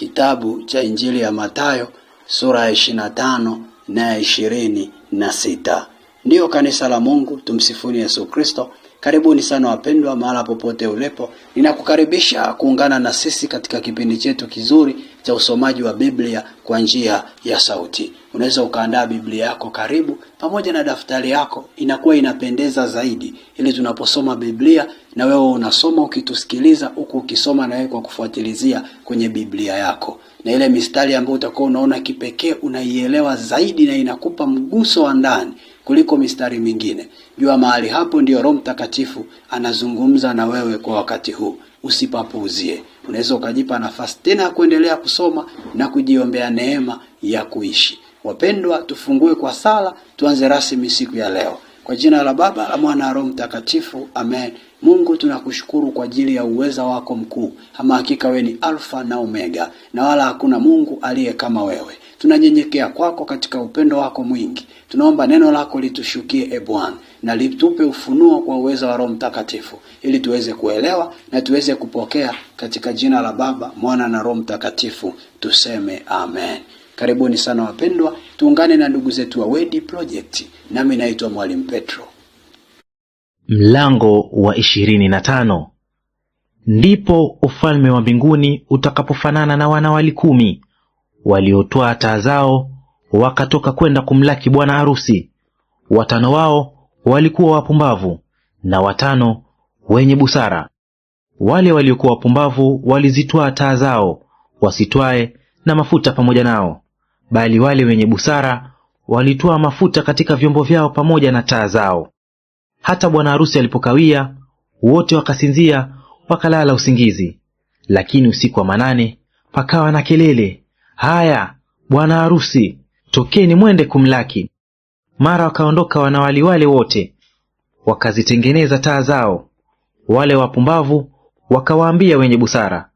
kitabu cha Injili ya Mathayo sura ya ishirini na tano na ya ishirini na sita. Ndiyo kanisa la Mungu, tumsifuni Yesu Kristo. Karibuni sana wapendwa, mahala popote ulipo, ninakukaribisha kuungana na sisi katika kipindi chetu kizuri cha usomaji wa Biblia kwa njia ya sauti. Unaweza ukaandaa Biblia yako karibu pamoja na daftari yako, inakuwa inapendeza zaidi, ili tunaposoma Biblia na wewe unasoma ukitusikiliza, huku ukisoma na wewe kwa kufuatilizia kwenye Biblia yako, na ile mistari ambayo utakuwa unaona kipekee unaielewa zaidi na inakupa mguso wa ndani kuliko mistari mingine. Jua mahali hapo ndio Roho Mtakatifu anazungumza na wewe kwa wakati huu usipapuzie. Unaweza ukajipa nafasi tena ya kuendelea kusoma na kujiombea neema ya kuishi. Wapendwa, tufungue kwa sala, tuanze rasmi siku ya leo. Kwa jina la Baba la Mwana na Roho Mtakatifu, amen. Mungu tunakushukuru kwa ajili ya uweza wako mkuu, ama hakika wewe ni Alfa na Omega, na wala hakuna Mungu aliye kama wewe tunanyenyekea kwako katika upendo wako mwingi. Tunaomba neno lako litushukie, e Bwana, na litupe ufunuo kwa uwezo wa Roho Mtakatifu ili tuweze kuelewa na tuweze kupokea katika jina la Baba, Mwana na Roho Mtakatifu tuseme amen. Karibuni sana wapendwa, tuungane na ndugu zetu wa Wedi Project. Nami naitwa Mwalimu Petro. Mlango wa 25. Ndipo ufalme wa mbinguni utakapofanana na wanawali kumi waliotwaa taa zao wakatoka kwenda kumlaki bwana harusi. Watano wao walikuwa wapumbavu na watano wenye busara. Wale waliokuwa wapumbavu walizitwaa taa zao, wasitwae na mafuta pamoja nao, bali wale wenye busara walitwaa mafuta katika vyombo vyao pamoja na taa zao. Hata bwana harusi alipokawia, wote wakasinzia, wakalala usingizi. Lakini usiku wa manane pakawa na kelele haya bwana harusi, tokeni mwende kumlaki. Mara wakaondoka wanawali wale wote, wakazitengeneza taa zao. Wale wapumbavu wakawaambia wenye busara,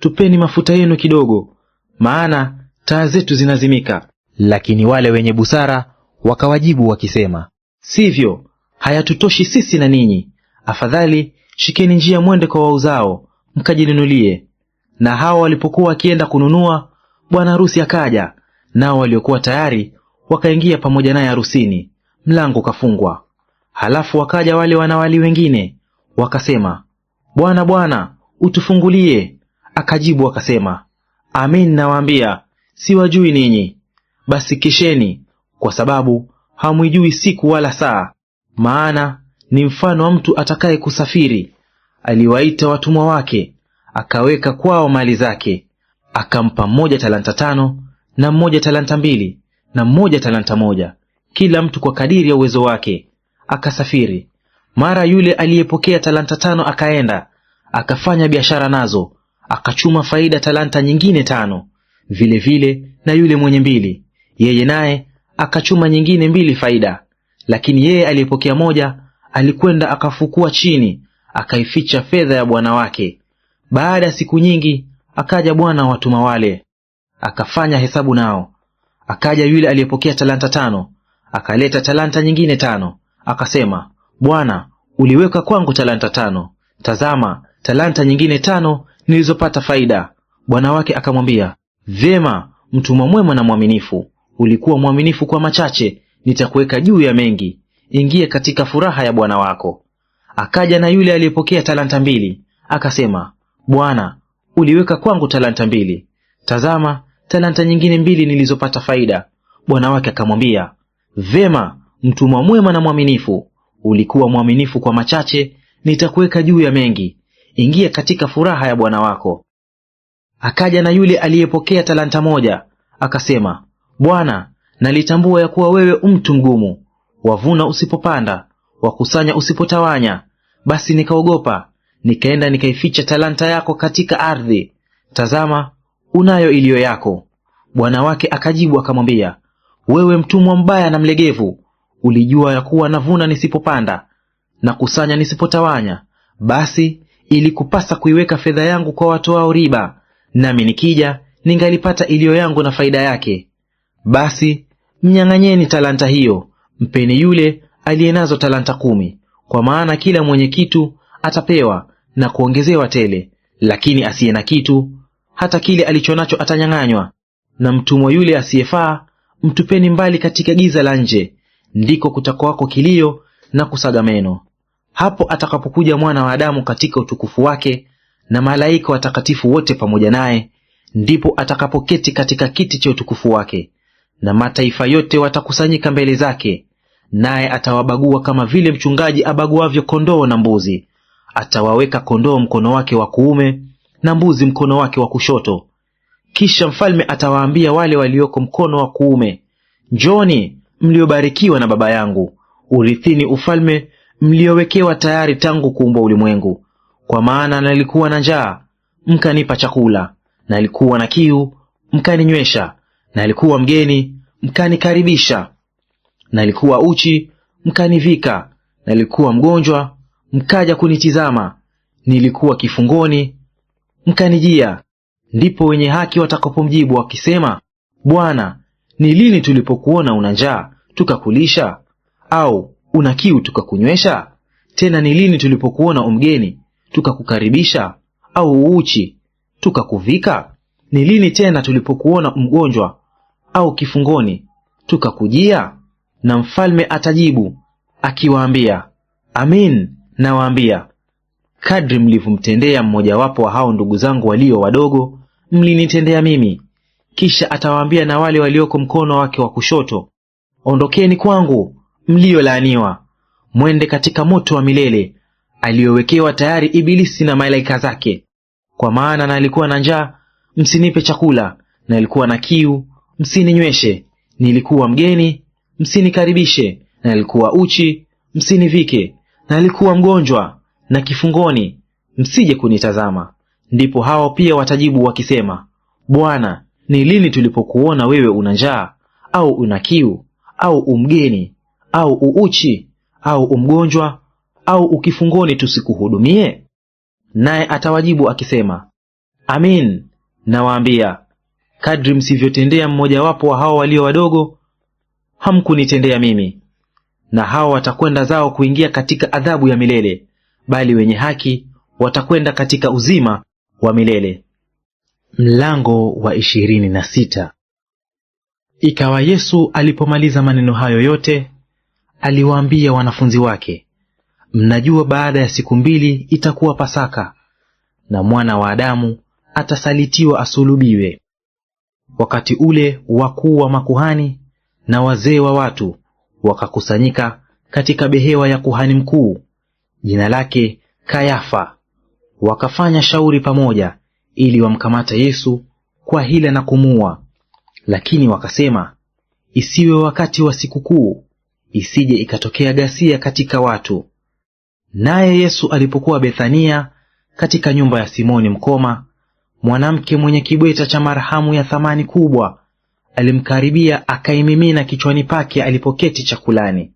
tupeni mafuta yenu kidogo, maana taa zetu zinazimika. Lakini wale wenye busara wakawajibu wakisema, sivyo, hayatutoshi sisi na ninyi; afadhali shikeni njia, mwende kwa wauzao mkajinunulie. Na hao walipokuwa wakienda kununua Bwana harusi akaja, nao waliokuwa tayari wakaingia pamoja naye harusini, mlango ukafungwa. Halafu wakaja wale wanawali wengine wakasema, Bwana, Bwana, utufungulie. Akajibu akasema, Amin nawaambia, siwajui ninyi. Basi kesheni, kwa sababu hamwijui siku wala saa. Maana ni mfano wa mtu atakaye kusafiri, aliwaita watumwa wake, akaweka kwao mali zake akampa mmoja talanta tano na mmoja talanta mbili na mmoja talanta moja, kila mtu kwa kadiri ya uwezo wake, akasafiri. Mara yule aliyepokea talanta tano akaenda akafanya biashara nazo, akachuma faida talanta nyingine tano. Vilevile vile, na yule mwenye mbili, yeye naye akachuma nyingine mbili faida. Lakini yeye aliyepokea moja alikwenda akafukua chini, akaificha fedha ya bwana wake. Baada ya siku nyingi Akaja bwana watuma wale, akafanya hesabu nao. Akaja yule aliyepokea talanta tano, akaleta talanta nyingine tano, akasema, Bwana, uliweka kwangu talanta tano; tazama, talanta nyingine tano nilizopata faida. Bwana wake akamwambia, Vyema, mtumwa mwema na mwaminifu, ulikuwa mwaminifu kwa machache, nitakuweka juu ya mengi; ingie katika furaha ya bwana wako. Akaja na yule aliyepokea talanta mbili, akasema, Bwana, uliweka kwangu talanta mbili. Tazama, talanta nyingine mbili nilizopata faida. Bwana wake akamwambia, vema, mtumwa mwema na mwaminifu, ulikuwa mwaminifu kwa machache, nitakuweka juu ya mengi, ingia katika furaha ya bwana wako. Akaja na yule aliyepokea talanta moja, akasema, Bwana, nalitambua ya kuwa wewe mtu mgumu, wavuna usipopanda, wakusanya usipotawanya. Basi nikaogopa nikaenda nikaificha talanta yako katika ardhi, tazama unayo iliyo yako. Bwana wake akajibu akamwambia, wewe mtumwa mbaya na mlegevu, ulijua ya kuwa navuna nisipopanda na kusanya nisipotawanya, basi ilikupasa kuiweka fedha yangu kwa watoao riba, nami nikija ningalipata iliyo yangu na faida yake. Basi mnyang'anyeni talanta hiyo, mpeni yule aliye nazo talanta kumi, kwa maana kila mwenye kitu atapewa na kuongezewa tele, lakini asiye na kitu hata kile alicho nacho atanyang'anywa. Na mtumwa yule asiyefaa mtupeni mbali katika giza la nje, ndiko kutakwako kilio na kusaga meno, hapo atakapokuja Mwana wa Adamu katika utukufu wake na malaika watakatifu wote pamoja naye, ndipo atakapoketi katika kiti cha utukufu wake. Na mataifa yote watakusanyika mbele zake, naye atawabagua kama vile mchungaji abaguavyo kondoo na mbuzi atawaweka kondoo mkono wake wa kuume na mbuzi mkono wake wa kushoto. Kisha mfalme atawaambia wale walioko mkono wa kuume, njoni mliobarikiwa na Baba yangu, urithini ufalme mliowekewa tayari tangu kuumbwa ulimwengu. Kwa maana nalikuwa na njaa, mkanipa chakula, nalikuwa na kiu, mkaninywesha, nalikuwa mgeni, mkanikaribisha, nalikuwa uchi, mkanivika, nalikuwa mgonjwa, mkaja kunitizama, nilikuwa kifungoni mkanijia. Ndipo wenye haki watakapomjibu wakisema, Bwana, ni lini tulipokuona una njaa tukakulisha, au una kiu tukakunywesha? Tena ni lini tulipokuona umgeni tukakukaribisha, au uuchi tukakuvika? Ni lini tena tulipokuona mgonjwa au kifungoni tukakujia? Na mfalme atajibu akiwaambia, Amin Nawaambia, kadri mlivyomtendea mmojawapo wa hao ndugu zangu walio wadogo, mlinitendea mimi. Kisha atawaambia na wale walioko mkono wake wa kushoto, ondokeni kwangu, mliolaaniwa, mwende katika moto wa milele aliyowekewa tayari Ibilisi na malaika zake. Kwa maana nalikuwa na njaa, msinipe chakula; nalikuwa na kiu, msininyweshe; nilikuwa mgeni, msinikaribishe; nalikuwa uchi, msinivike; na alikuwa mgonjwa na kifungoni, msije kunitazama. Ndipo hao pia watajibu wakisema, Bwana, ni lini tulipokuona wewe una njaa au una kiu au umgeni au uuchi au umgonjwa au ukifungoni tusikuhudumie? Naye atawajibu akisema, Amin nawaambia, kadri msivyotendea mmojawapo wa hao walio wadogo, hamkunitendea mimi na hao watakwenda zao kuingia katika adhabu ya milele, bali wenye haki watakwenda katika uzima wa milele. Mlango wa ishirini na sita. Ikawa Yesu alipomaliza maneno hayo yote, aliwaambia wanafunzi wake, mnajua baada ya siku mbili itakuwa Pasaka, na mwana wa Adamu atasalitiwa asulubiwe. Wakati ule wakuu wa makuhani na wazee wa watu wakakusanyika katika behewa ya kuhani mkuu jina lake Kayafa, wakafanya shauri pamoja ili wamkamata Yesu kwa hila na kumua Lakini wakasema, isiwe wakati wa sikukuu, isije ikatokea ghasia katika watu. Naye Yesu alipokuwa Bethania katika nyumba ya Simoni mkoma, mwanamke mwenye kibweta cha marhamu ya thamani kubwa alimkaribia akaimimina kichwani pake alipoketi chakulani.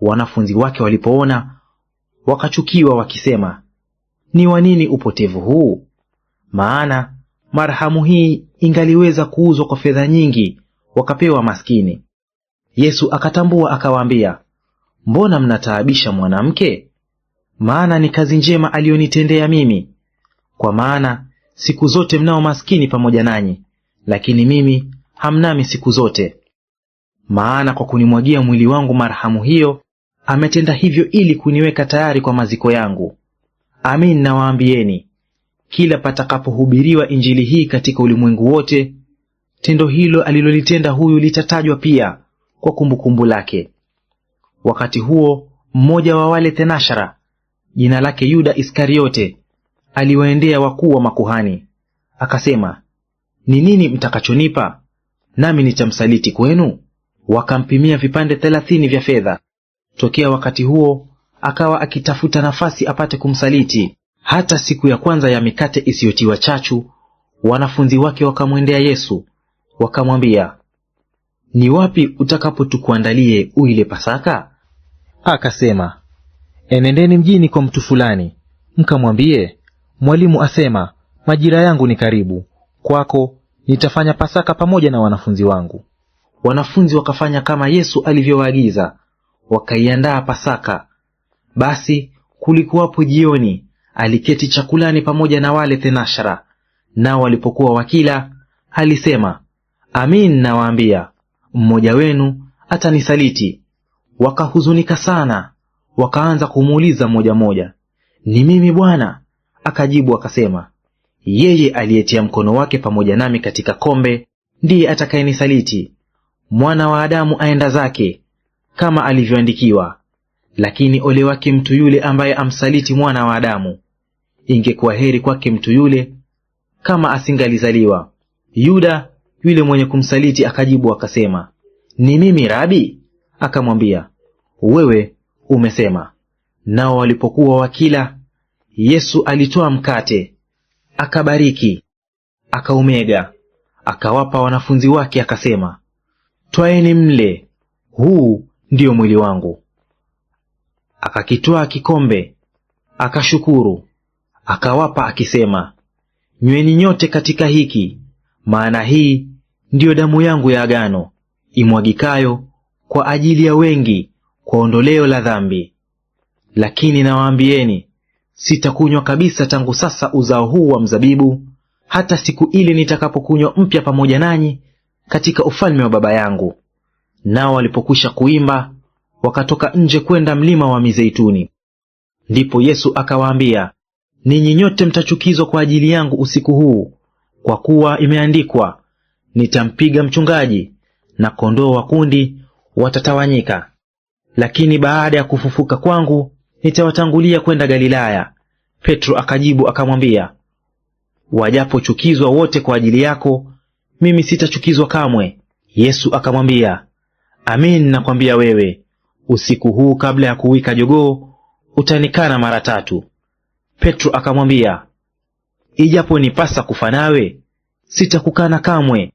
Wanafunzi wake walipoona wakachukiwa, wakisema, ni wa nini upotevu huu? Maana marhamu hii ingaliweza kuuzwa kwa fedha nyingi, wakapewa maskini. Yesu akatambua akawaambia, mbona mnataabisha mwanamke? Maana ni kazi njema aliyonitendea mimi, kwa maana siku zote mnao maskini pamoja nanyi, lakini mimi hamnami siku zote. Maana kwa kunimwagia mwili wangu marhamu hiyo, ametenda hivyo ili kuniweka tayari kwa maziko yangu. Amin nawaambieni, kila patakapohubiriwa Injili hii katika ulimwengu wote, tendo hilo alilolitenda huyu litatajwa pia kwa kumbukumbu lake. Wakati huo mmoja wa wale thenashara jina lake Yuda Iskariote aliwaendea wakuu wa makuhani akasema, ni nini mtakachonipa nami nitamsaliti kwenu? Wakampimia vipande thelathini vya fedha. Tokea wakati huo akawa akitafuta nafasi apate kumsaliti. Hata siku ya kwanza ya mikate isiyotiwa chachu, wanafunzi wake wakamwendea Yesu wakamwambia, ni wapi utakapotukuandalie uile Pasaka? Akasema, enendeni mjini kwa mtu fulani, mkamwambie, mwalimu asema, majira yangu ni karibu, kwako nitafanya Pasaka pamoja na wanafunzi wangu. Wanafunzi wakafanya kama Yesu alivyowaagiza, wakaiandaa Pasaka. Basi kulikuwapo jioni, aliketi chakulani pamoja na wale thenashara. Nao walipokuwa wakila, alisema, amin nawaambia, mmoja wenu atanisaliti. Wakahuzunika sana, wakaanza kumuuliza mmoja mmoja, ni mimi Bwana? Akajibu akasema, yeye aliyetia mkono wake pamoja nami katika kombe ndiye atakayenisaliti. Mwana wa Adamu aenda zake kama alivyoandikiwa. Lakini ole wake mtu yule ambaye amsaliti mwana wa Adamu! Ingekuwa heri kwake mtu yule kama asingalizaliwa. Yuda yule mwenye kumsaliti akajibu akasema, ni mimi Rabi? Akamwambia, wewe umesema. Nao walipokuwa wakila, Yesu alitoa mkate akabariki, akaumega, akawapa wanafunzi wake, akasema, twaeni mle, huu ndio mwili wangu. Akakitwaa kikombe, akashukuru, akawapa, akisema, nyweni nyote katika hiki, maana hii ndiyo damu yangu ya agano, imwagikayo kwa ajili ya wengi kwa ondoleo la dhambi. Lakini nawaambieni Sitakunywa kabisa tangu sasa uzao huu wa mzabibu, hata siku ile nitakapokunywa mpya pamoja nanyi katika ufalme wa Baba yangu. Nao walipokwisha kuimba, wakatoka nje kwenda mlima wa Mizeituni. Ndipo Yesu akawaambia, ninyi nyote mtachukizwa kwa ajili yangu usiku huu, kwa kuwa imeandikwa, nitampiga mchungaji na kondoo wa kundi watatawanyika. Lakini baada ya kufufuka kwangu nitawatangulia kwenda Galilaya. Petro akajibu akamwambia, wajapochukizwa wote kwa ajili yako, mimi sitachukizwa kamwe. Yesu akamwambia, amin nakwambia wewe, usiku huu kabla ya kuwika jogoo utanikana mara tatu. Petro akamwambia, ijapo nipasa kufa nawe, sitakukana kamwe.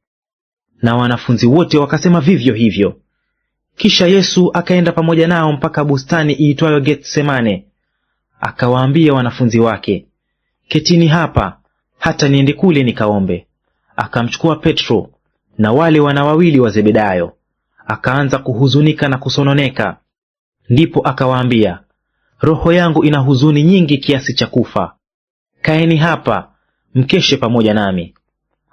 Na wanafunzi wote wakasema vivyo hivyo. Kisha Yesu akaenda pamoja nao mpaka bustani iitwayo Getsemane, akawaambia wanafunzi wake, ketini hapa hata niende kule nikaombe. Akamchukua Petro na wale wana wawili wa Zebedayo, akaanza kuhuzunika na kusononeka. Ndipo akawaambia, roho yangu ina huzuni nyingi kiasi cha kufa, kaeni hapa mkeshe pamoja nami.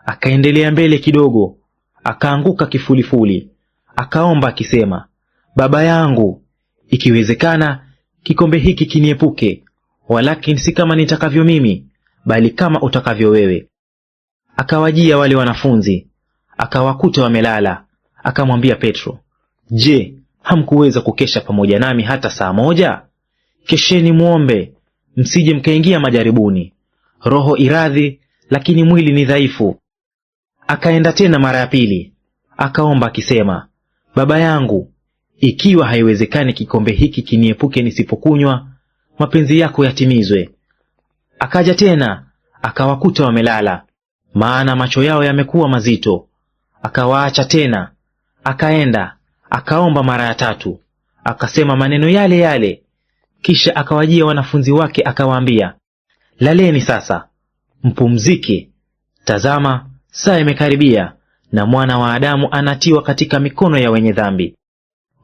Akaendelea mbele kidogo, akaanguka kifulifuli akaomba akisema, Baba yangu, ikiwezekana kikombe hiki kiniepuke, walakini si kama nitakavyo mimi, bali kama utakavyo wewe. Akawajia wale wanafunzi akawakuta wamelala, akamwambia Petro, Je, hamkuweza kukesha pamoja nami hata saa moja? Kesheni mwombe, msije mkaingia majaribuni. Roho iradhi, lakini mwili ni dhaifu. Akaenda tena mara ya pili akaomba akisema, Baba yangu, ikiwa haiwezekani kikombe hiki kiniepuke nisipokunywa, mapenzi yako yatimizwe. Akaja tena akawakuta wamelala, maana macho yao yamekuwa mazito. Akawaacha tena akaenda akaomba mara ya tatu, akasema maneno yale yale. Kisha akawajia wanafunzi wake akawaambia, laleni sasa, mpumzike; tazama, saa imekaribia, na mwana wa Adamu anatiwa katika mikono ya wenye dhambi.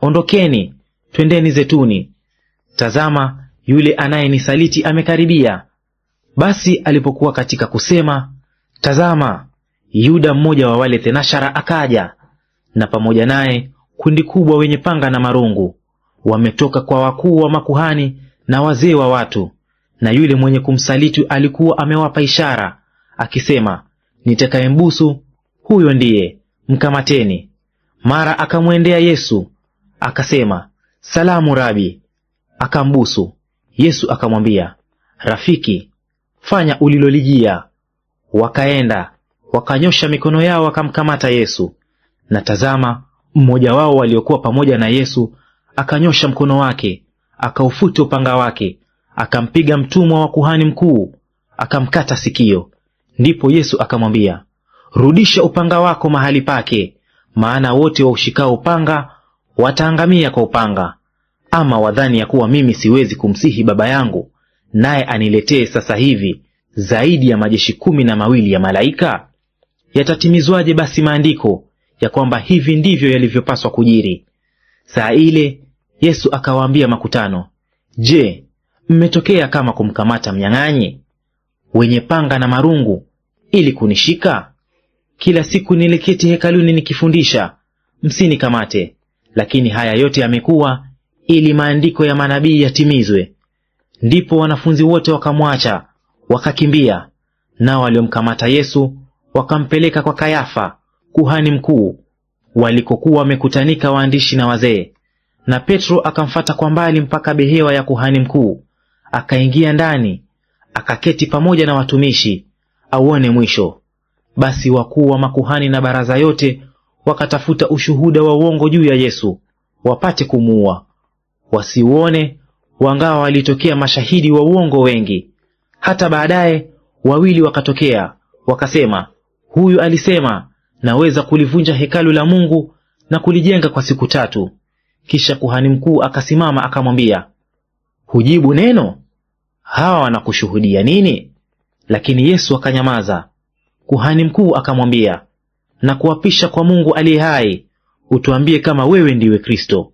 Ondokeni, twendeni zetuni; tazama, yule anayenisaliti amekaribia. Basi alipokuwa katika kusema, tazama, Yuda mmoja wa wale thenashara akaja, na pamoja naye kundi kubwa wenye panga na marungu, wametoka kwa wakuu wa makuhani na wazee wa watu. Na yule mwenye kumsaliti alikuwa amewapa ishara akisema, nitakayembusu huyo ndiye, mkamateni. Mara akamwendea Yesu akasema, salamu Rabi, akambusu. Yesu akamwambia, rafiki, fanya ulilolijia. Wakaenda wakanyosha mikono yao wakamkamata Yesu. Na tazama, mmoja wao waliokuwa pamoja na Yesu akanyosha mkono wake, akaufuta upanga wake, akampiga mtumwa wa kuhani mkuu, akamkata sikio. Ndipo Yesu akamwambia, rudisha upanga wako mahali pake, maana wote waushikao upanga wataangamia kwa upanga. Ama wadhani ya kuwa mimi siwezi kumsihi baba yangu, naye aniletee sasa hivi zaidi ya majeshi kumi na mawili ya malaika? Yatatimizwaje basi maandiko ya kwamba hivi ndivyo yalivyopaswa kujiri? Saa ile Yesu akawaambia makutano, Je, mmetokea kama kumkamata mnyang'anyi wenye panga na marungu ili kunishika? Kila siku niliketi hekaluni nikifundisha, msinikamate. Lakini haya yote yamekuwa ili maandiko ya manabii yatimizwe. Ndipo wanafunzi wote wakamwacha wakakimbia. Nao waliomkamata Yesu wakampeleka kwa Kayafa kuhani mkuu, walikokuwa wamekutanika waandishi na wazee. Na Petro akamfata kwa mbali mpaka behewa ya kuhani mkuu, akaingia ndani, akaketi pamoja na watumishi, auone mwisho. Basi wakuu wa makuhani na baraza yote wakatafuta ushuhuda wa uongo juu ya Yesu wapate kumuua, wasiuone, wangawa walitokea mashahidi wa uongo wengi. Hata baadaye wawili wakatokea wakasema, huyu alisema, naweza kulivunja hekalu la Mungu na kulijenga kwa siku tatu. Kisha kuhani mkuu akasimama akamwambia, hujibu neno? Hawa wanakushuhudia nini? Lakini Yesu akanyamaza. Kuhani mkuu akamwambia, na kuapisha kwa Mungu aliye hai, utuambie kama wewe ndiwe Kristo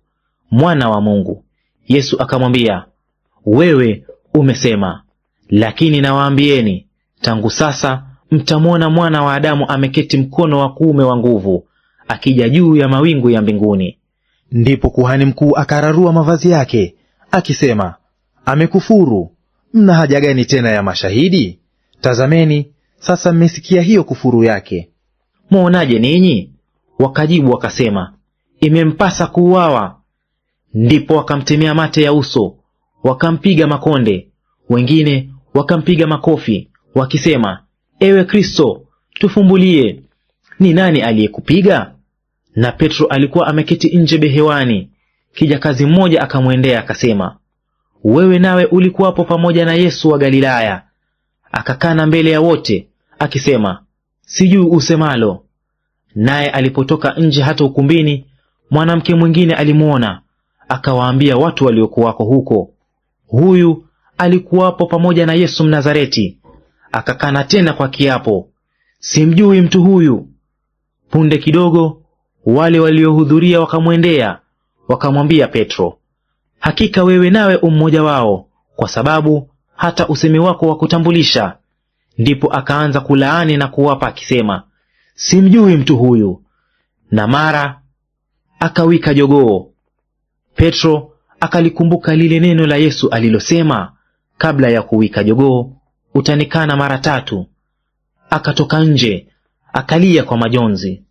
mwana wa Mungu. Yesu akamwambia, wewe umesema, lakini nawaambieni, tangu sasa mtamwona mwana wa Adamu ameketi mkono wa kuume wa nguvu, akija juu ya mawingu ya mbinguni. Ndipo kuhani mkuu akararua mavazi yake akisema, amekufuru! Mna haja gani tena ya mashahidi? Tazameni, sasa mmesikia hiyo kufuru yake, mwaonaje ninyi? Wakajibu wakasema, imempasa kuuawa. Ndipo wakamtemea mate ya uso, wakampiga makonde, wengine wakampiga makofi wakisema, ewe Kristo, tufumbulie, ni nani aliyekupiga? Na Petro alikuwa ameketi nje behewani. Kijakazi mmoja akamwendea akasema, wewe nawe ulikuwapo pamoja na Yesu wa Galilaya akakana mbele ya wote akisema, sijui usemalo. Naye alipotoka nje hata ukumbini, mwanamke mwingine alimwona, akawaambia watu waliokuwako huko, huyu alikuwapo pamoja na Yesu Mnazareti. Akakana tena kwa kiapo, simjui mtu huyu. Punde kidogo, wale waliohudhuria wakamwendea wakamwambia Petro, hakika wewe nawe ummoja wao, kwa sababu hata usemi wako wa kutambulisha. Ndipo akaanza kulaani na kuwapa akisema, simjui mtu huyu. Na mara akawika jogoo. Petro akalikumbuka lile neno la Yesu alilosema kabla ya kuwika jogoo, utanikana mara tatu. Akatoka nje akalia kwa majonzi.